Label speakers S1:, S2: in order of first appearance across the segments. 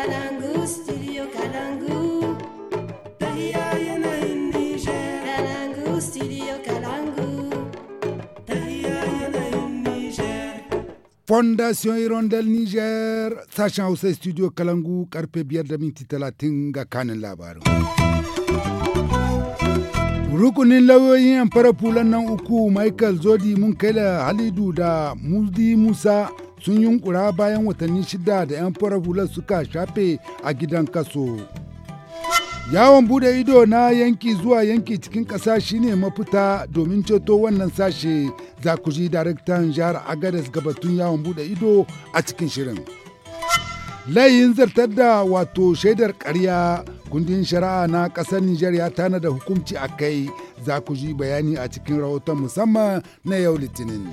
S1: Kalangu,
S2: Fondation Irondel Niger, sashen Hausa studio Kalangu karfe biyar da minti talatin ga kanin labarin. rukunin lauyoyin yan fara fulan nan uku michael zodi mun kai halidu da mudi musa sun yunkura bayan watanni shida da 'yan farar hular suka shafe a gidan kaso. Yawon bude ido na yanki zuwa yanki cikin ƙasa shine mafita domin ceto wannan sashe za ku ji daraktan jihar Agadez gabatun yawon bude ido a cikin shirin. Layin zartar da wato shaidar karya kundin shari'a na ƙasar Nijar ya tana da hukunci a kai za ku ji bayani a cikin rahoton musamman na yau Litinin.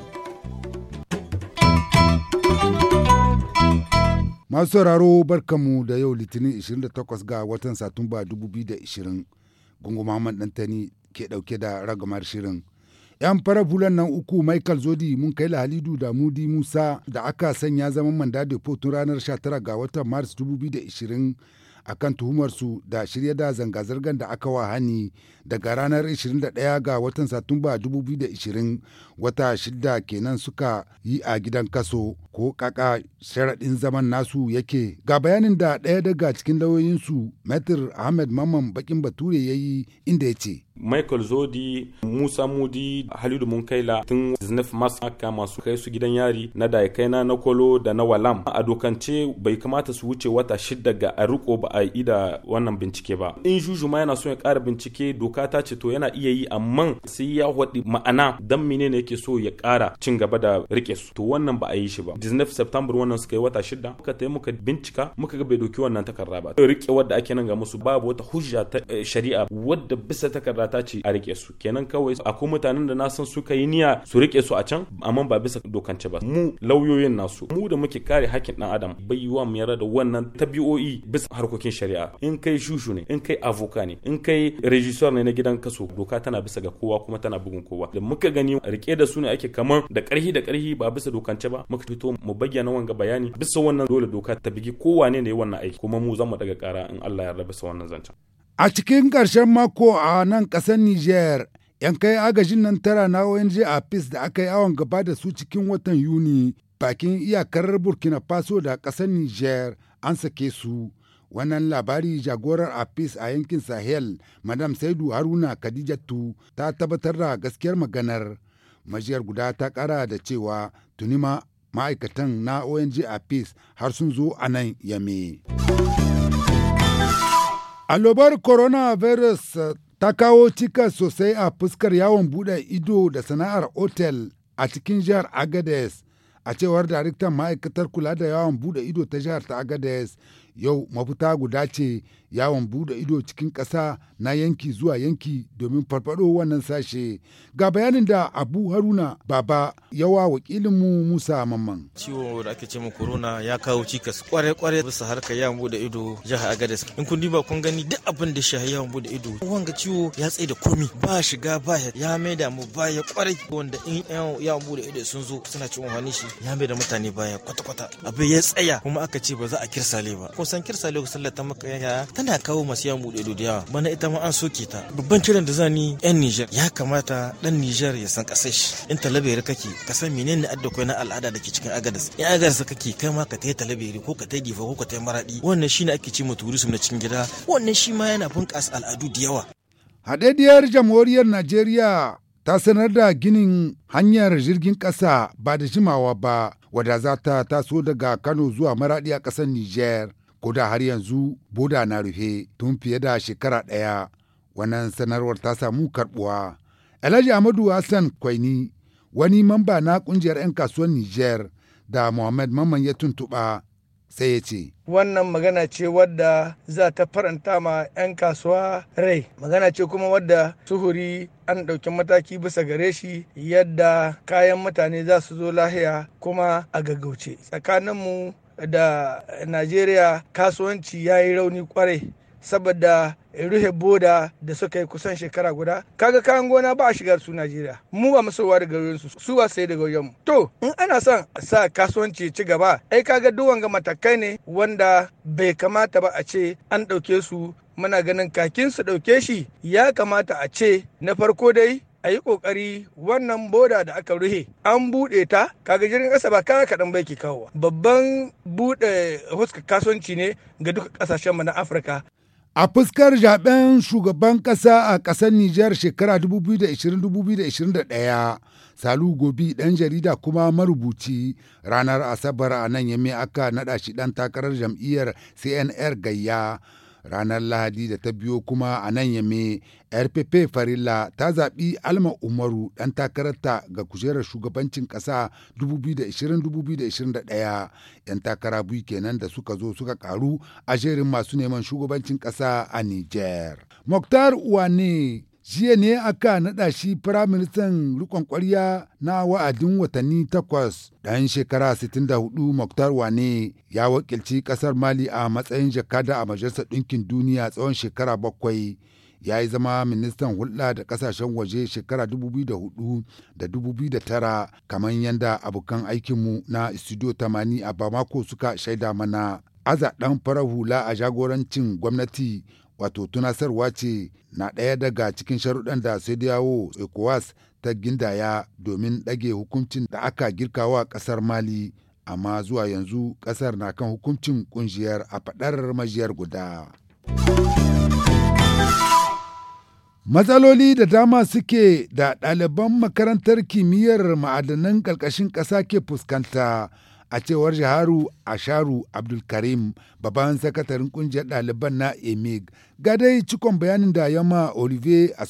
S2: Masu sauraro barkamu da yau Litinin 28 ga watan Satumba 2020 gungun mahamman Dantani ke ɗauke da ragamar shirin. 'Yan fara bulan nan uku Michael Zodi mun kai Halidu da Mudi Musa da aka sanya zaman manda da ranar 19 ga watan mars 2020 a akan tuhumarsu da shirya da zanga-zangar da aka wa hani daga ranar 21 ga watan Satumba 2020 wata shidda kenan suka yi a gidan kaso ko kaka sharaɗin zaman nasu yake. Ga bayanin da ɗaya daga cikin lauyoyinsu metr Ahmed Mamman Bakin
S3: Bature ya yi inda ya ce. Michael Zodi, Musa Mudi, Halidu Munkaila tun 19 Mars aka masu kai su gidan yari na da na kolo da na Walam. A dokance bai kamata su wuce wata shidda ga a riko ba a yi da wannan bincike ba in juju ma yana so ya kara bincike doka ta ce to yana iya yi amma sai ya waɗi ma'ana dan menene yake so ya kara cin gaba da rike su to wannan ba a yi shi ba 19 september wannan suka yi wata shida muka tayi muka bincika muka ga bai doki wannan takarda ba rike wadda ake nan ga musu babu wata hujja ta eh, shari'a wadda bisa takarda ta ce a rike su kenan kawai akwai mutanen da na san suka yi niyya su rike su a can amma ba bisa dokance ba mu lauyoyin nasu mu da muke kare hakkin dan adam bai yiwa mu yarda da wannan tabi'o'i bisa harkokin harkokin shari'a in kai shushu ne in kai avoka ne in kai rejisuwar ne na gidan kaso doka tana bisa ga kowa kuma tana bugun kowa da muka gani rike da su ne ake kamar da karhi da karhi ba bisa dokance ba muka fito mu bayyana wanga bayani bisa wannan dole doka ta bigi kowane ne wannan aiki kuma mu zamu daga kara in Allah ya rabu sa wannan zancen
S2: a cikin karshen mako a nan kasar Niger yan kai agajin nan tara na ONG a PIS da aka yi awon gaba da su cikin watan Yuni bakin iyakar Burkina Faso da kasar Niger an sake su Wannan labari jagorar a APIS a yankin Sahel, Madam Saidu Haruna Khadijatu ta tabbatar da gaskiyar maganar. Majiyar guda ta kara da cewa tuni ma ma'aikatan na ONG APIS har sun zo a nan yame. Allobar coronavirus ta kawo cika sosai a fuskar yawon bude ido da sana'ar otel a cikin jihar Agades. a cewar daraktan ma'aikatar kula da yawon bude ido ta jihar ta agades yau mafita guda ce yawon bude ido cikin ƙasa na yanki zuwa yanki domin farfado wannan sashe ga bayanin da abu haruna baba yawa wakilinmu musa mamman
S3: ciwo da ake ce corona ya kawo cikas kware kware bisa harka yawon bude ido jihar agadez in kun duba kun gani duk abin da shi yawon bude ido wanga ciwo ya tsaye da komi ba shiga ba ya maida mu baya kware wanda in yawon bude ido sun zo suna cin wani shi ya maida mutane baya kwata kwata abin ya tsaya kuma aka ce ba za a kirsale ba san kirsa lokacin da ta maka yaya tana kawo masu yan bude da yawa bana ita ma an soke ta babban kiran da zani yan nijar. ya kamata dan nijar ya san kasar shi in talabere kake ka san menene adda na al'ada da ke cikin Agadas in Agadas kake kai ma ka tai talabere ko ka tai Gifa ko ka tai Maradi wannan shine ake ce ma turisum na cikin gida wannan shi ma yana bunƙasa al'adu da yawa
S2: Haɗaɗɗiyar Jamhuriyar Najeriya ta sanar da ginin hanyar jirgin ƙasa ba da jimawa ba wadda za ta taso daga Kano zuwa maradi a ƙasar Nijar. ko da har yanzu boda na rufe tun fiye da shekara ɗaya wannan sanarwar ta samu karbuwa alhaji Ahmadu hassan kwaini wani mamba na kungiyar 'yan kasuwar niger da muhammad mamman ya tuntuɓa sai ya ce wannan magana ce wadda za ta faranta ma 'yan kasuwa rai magana ce kuma wadda suhuri an ɗauki mataki bisa gare shi yadda kayan mutane za su zo lahiya kuma a gaggauce tsakaninmu da najeriya kasuwanci ya yi rauni kwarai saboda ruhe boda da suka yi kusan shekara guda kaga kayan gona ba a shigar su Najeriya mu ba masowa daga garin su su ba sai da garin mu to in ana son sa kasuwanci ci gaba ai kaga duk wanga matakai ne wanda bai kamata ba a ce an ɗauke su muna ganin kakin su ɗauke shi ya kamata a ce na farko dai a yi kokari wannan boda da aka
S3: ruhe an buɗe ta kaga jirgin ƙasa ba kaya kaɗan bai ke kawo babban buɗe huska kasuwanci ne ga duka ƙasashen mu na afirka
S2: a fuskar zaben shugaban ƙasa a ƙasar Nijar shekara 2020-2021 Salu Gobi dan jarida kuma marubuci ranar Asabar a nan yame aka naɗa shi ɗan takarar jam'iyyar CNR Gayya ranar lahadi da ta biyo kuma a nan yame rpp farilla ta zaɓi alma umaru ɗan takararta ga kujerar shugabancin ƙasa 2020-2021 'yan takara biyu kenan da suka zo suka karu a jerin masu neman shugabancin ƙasa a niger muktar uwane Jiya ne aka naɗa shi Firaministan rikon kwarya na wa'adin watanni takwas dan shekara 64 Muktar Wane ya wakilci ƙasar Mali a matsayin jakada a Majalisar Ɗinkin Duniya tsawon shekara bakwai. ya yi zama ministan hulɗa da ƙasashen waje shekara 2004 da 2009 kamar yadda abokan aikinmu na studio 80 a bamako suka shaida mana aza ɗan farar hula a jagorancin gwamnati wato tunasarwa ce na ɗaya daga cikin sharuɗan da sai dawo ecowas ta gindaya domin ɗage hukuncin da aka girkawa ƙasar mali amma zuwa yanzu ƙasar na kan hukuncin ƙungiyar a faɗar majiyar guda matsaloli da dama suke da ɗaliban makarantar kimiyyar ma'adanan ƙarƙashin ƙasa ke fuskanta a cewar jiharu Asharu Abdulkarim babban sakataren kungiyar ɗaliban na EMIG ga dai cikon bayanin da ya yamma Olivier a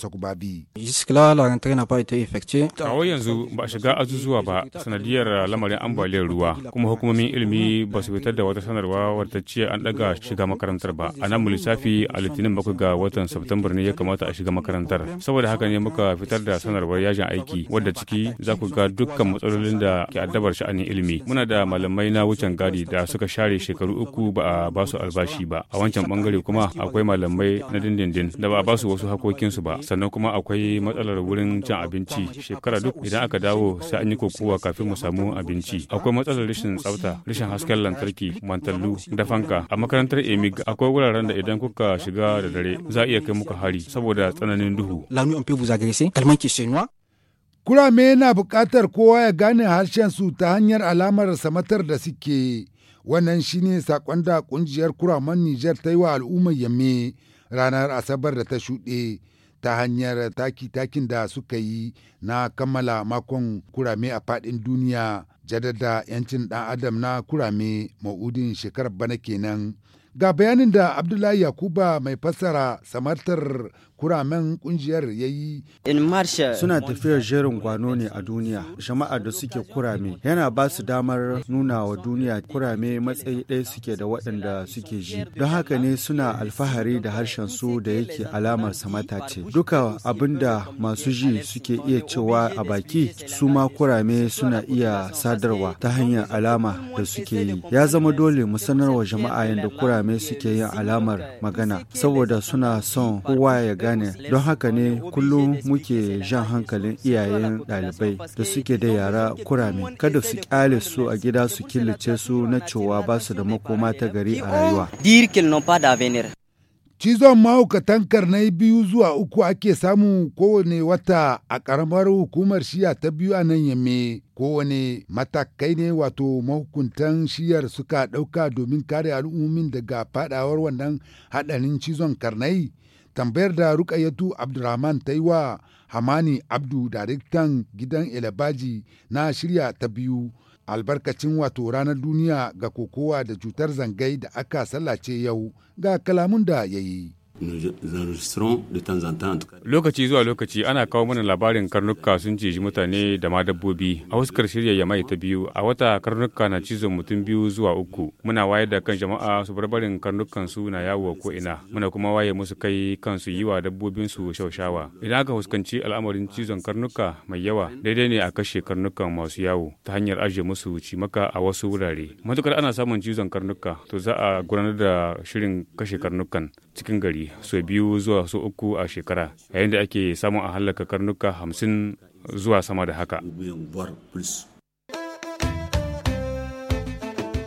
S4: wai yanzu ba a shiga azuzuwa ba sanadiyar lamarin ambaliyar ruwa kuma hukumomin ilimi ba su fitar da wata sanarwa wadda ce an daga shiga makarantar ba. A nan mu lissafi a litinin bakwai ga watan september ne ya kamata a shiga makarantar. Saboda haka ne muka fitar da sanarwar yajin aiki wadda ciki za ku ga dukkan matsalolin da ke addabar sha'anin ilimi. Muna da malamai na wucin gadi da suka share shekaru uku ba a ba su albashi ba a wancan bangare kuma akwai malamai na dindindin da ba a ba su wasu hakokinsu ba sannan kuma akwai matsalar wurin cin abinci shekara duk idan aka dawo sai an yi kokowa kafin mu samu abinci akwai matsalar rashin tsafta rashin hasken lantarki mantallu da fanka a makarantar emig akwai wuraren da idan kuka shiga da dare za iya kai muka hari
S3: saboda tsananin duhu
S2: kurame na buƙatar kowa ya gane harshen su ta hanyar alamar samatar da suke Wannan shine sakon da kungiyar kuraman Nijar ta yi wa al'ummar Yamme ranar Asabar da ta shuɗe ta hanyar taki-takin da suka yi na kammala makon kurame a faɗin duniya jadada 'yancin ɗan adam na kurame ma'udin shekarar bana kenan. Ga bayanin da Abdullahi Yakuba mai fassara samartar kuramen kungiyar ya yi. Suna tafiyar jerin gwano ne a duniya, jama'a da suke kurame yana ba su damar nuna wa duniya kurame matsayi ɗaya suke da waɗanda suke ji. Don haka ne suna alfahari da harshen su da yake alamar samata ce. Duka abin da masu ji suke iya cewa a baki su ma kurame suna iya sadarwa ta hanyar alama da suke yi. Ya zama dole mu sanarwa jama'a yadda kurame suke yin alamar magana saboda suna son kowa ya ga gane don haka ne kullum muke jan hankalin iyayen ɗalibai da suke da yara kurame kada su kyale su a gida su killace su na cewa ba su da makoma
S3: ta gari a rayuwa.
S2: Cizon mahaukatan karnai biyu zuwa uku ake samu kowane wata a karamar hukumar shiya ta biyu a nan yamme kowane matakai ne wato mahukuntan shiyar suka ɗauka domin kare al'ummin daga fadawar wannan haɗarin cizon karnai. tambayar da rukayatu abdulrahman ta yi wa hamani abdu daraktan gidan elebaji na shirya ta biyu albarkacin wato ranar duniya ga kokowa da cutar zangai da aka sallace yau ga kalamun da ya yi
S4: Lokaci zuwa lokaci ana kawo mana labarin karnuka sun ciji mutane da ma dabbobi. A huskar shirya yamai ta biyu, a wata karnuka na cizon mutum biyu zuwa uku. Muna waye da kan jama'a su barbarin karnukan su na yawo ko ina. Muna kuma waye musu kai kansu yi wa dabbobin su shaushawa. Idan aka fuskanci al'amarin cizon karnuka mai yawa, daidai ne a kashe karnukan masu yawo ta hanyar ajiye musu maka a wasu wurare. Matukar ana samun cizon karnuka, to za a gudanar da shirin kashe karnukan cikin gari. sau biyu zuwa sau uku a shekara yayin da ake samun a hallaka karnuka hamsin zuwa sama da haka.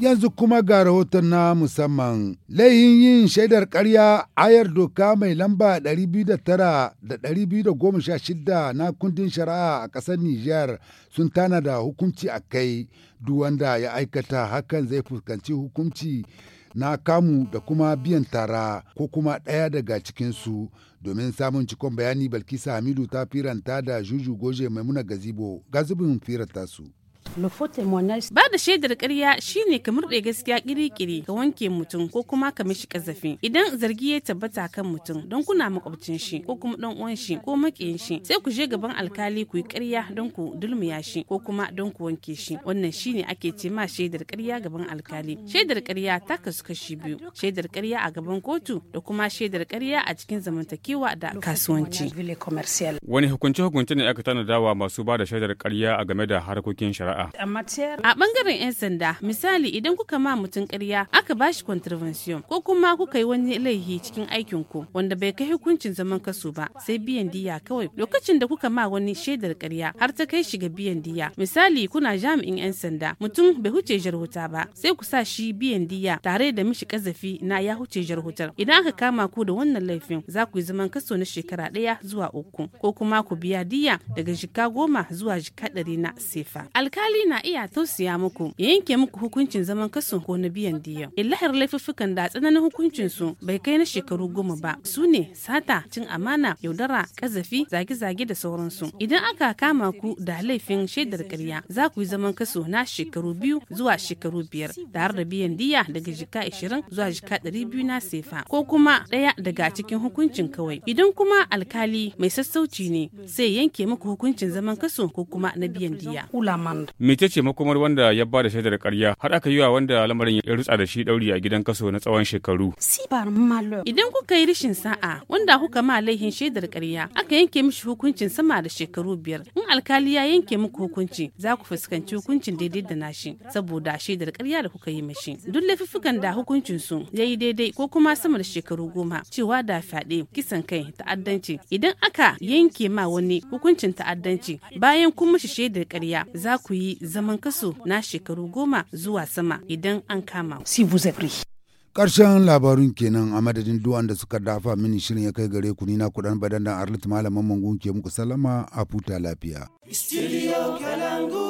S2: yanzu kuma ga rahoton na musamman. Laihin yin shaidar karya ayar doka mai lamba 209 da 216 na kundin shari'a a ƙasar Nijar sun tana da hukunci a kai, duk wanda ya aikata hakan zai fuskanci hukunci na kamu da kuma biyan tara ko kuma ɗaya daga cikinsu. Domin samun cikon bayani Balkisa Hamidu ta firanta da Juju Goje Maimuna Gazibo, gazibin firanta su.
S1: Ba da shaidar ƙarya shine ka murɗe gaskiya ƙiri-ƙiri ka wanke mutum ko kuma ka mishi ƙazafi. Idan zargi ya tabbata kan mutum don kuna makwabcin shi ko kuma ɗan uwan shi ko maƙiyin shi sai ku je gaban alkali ku yi ƙarya don ku dulmiya shi ko kuma don ku wanke shi. Wannan shine ake ce ma shaidar ƙarya gaban alkali. Shaidar ƙarya ta kasu kashi biyu. Shaidar ƙarya a gaban kotu da kuma shaidar ƙarya a cikin zamantakewa da kasuwanci.
S4: Wani hukunce hukunci ne aka tanadawa masu ba da shaidar ƙarya a game da harkokin shari'a?
S1: shari'a. A bangaren 'yan sanda, misali idan kuka ma mutum karya aka ba shi contravention ko kuma kuka yi wani laihi cikin aikin ku wanda bai kai hukuncin zaman kaso ba sai biyan diya kawai lokacin da kuka ma wani shaidar karya har ta kai shi ga biyan diya. Misali kuna jami'in 'yan sanda mutum bai huce jarhuta ba sai ku sa shi biyan diya tare da mishi kazafi na ya huce jarhutar. Idan aka kama ku da wannan laifin za ku yi zaman kaso na shekara ɗaya zuwa uku ko kuma ku biya diya daga jika goma zuwa jika ɗari na sefa. Alkali hali na iya tausaya muku ya yanke muku hukuncin zaman kaso ko na biyan diya illahar laifuffukan da tsananin hukuncin su bai kai na shekaru goma ba su ne sata cin amana yaudara kazafi zage-zage da sauransu idan aka kama ku da laifin shaidar karya za ku yi zaman kaso na shekaru biyu zuwa shekaru biyar tare da biyan diya daga jika ashirin zuwa jika ɗari biyu na sefa ko kuma ɗaya daga cikin hukuncin kawai idan kuma alkali mai sassauci ne sai yanke muku hukuncin zaman kaso ko kuma na biyan diya.
S4: mece ce makomar wanda ya ba da shaidar karya har aka yi wa wanda lamarin ya rutsa da shi ɗauri a gidan kaso na tsawon shekaru.
S1: Idan kuka yi rashin sa'a wanda kuka ma laihin shaidar karya aka yanke mishi hukuncin sama da shekaru biyar in alkali ya yanke muku hukunci za ku fuskanci hukuncin daidai da nashi saboda shaidar karya da kuka yi mashi. Duk laifuffukan da hukuncin su ya yi daidai ko kuma sama da shekaru goma cewa da fyaɗe kisan kai ta'addanci idan aka yanke ma wani hukuncin ta'addanci bayan kun mishi shaidar karya za ku yi zaman kaso na shekaru goma zuwa sama idan an kama.
S2: karshen labarun kenan a madadin duwan da suka dafa mini shirin ya kai gare ku nina kudan badan da arlit malaman mangun ke muku salama a futa lafiya.
S5: Studio Kalangu.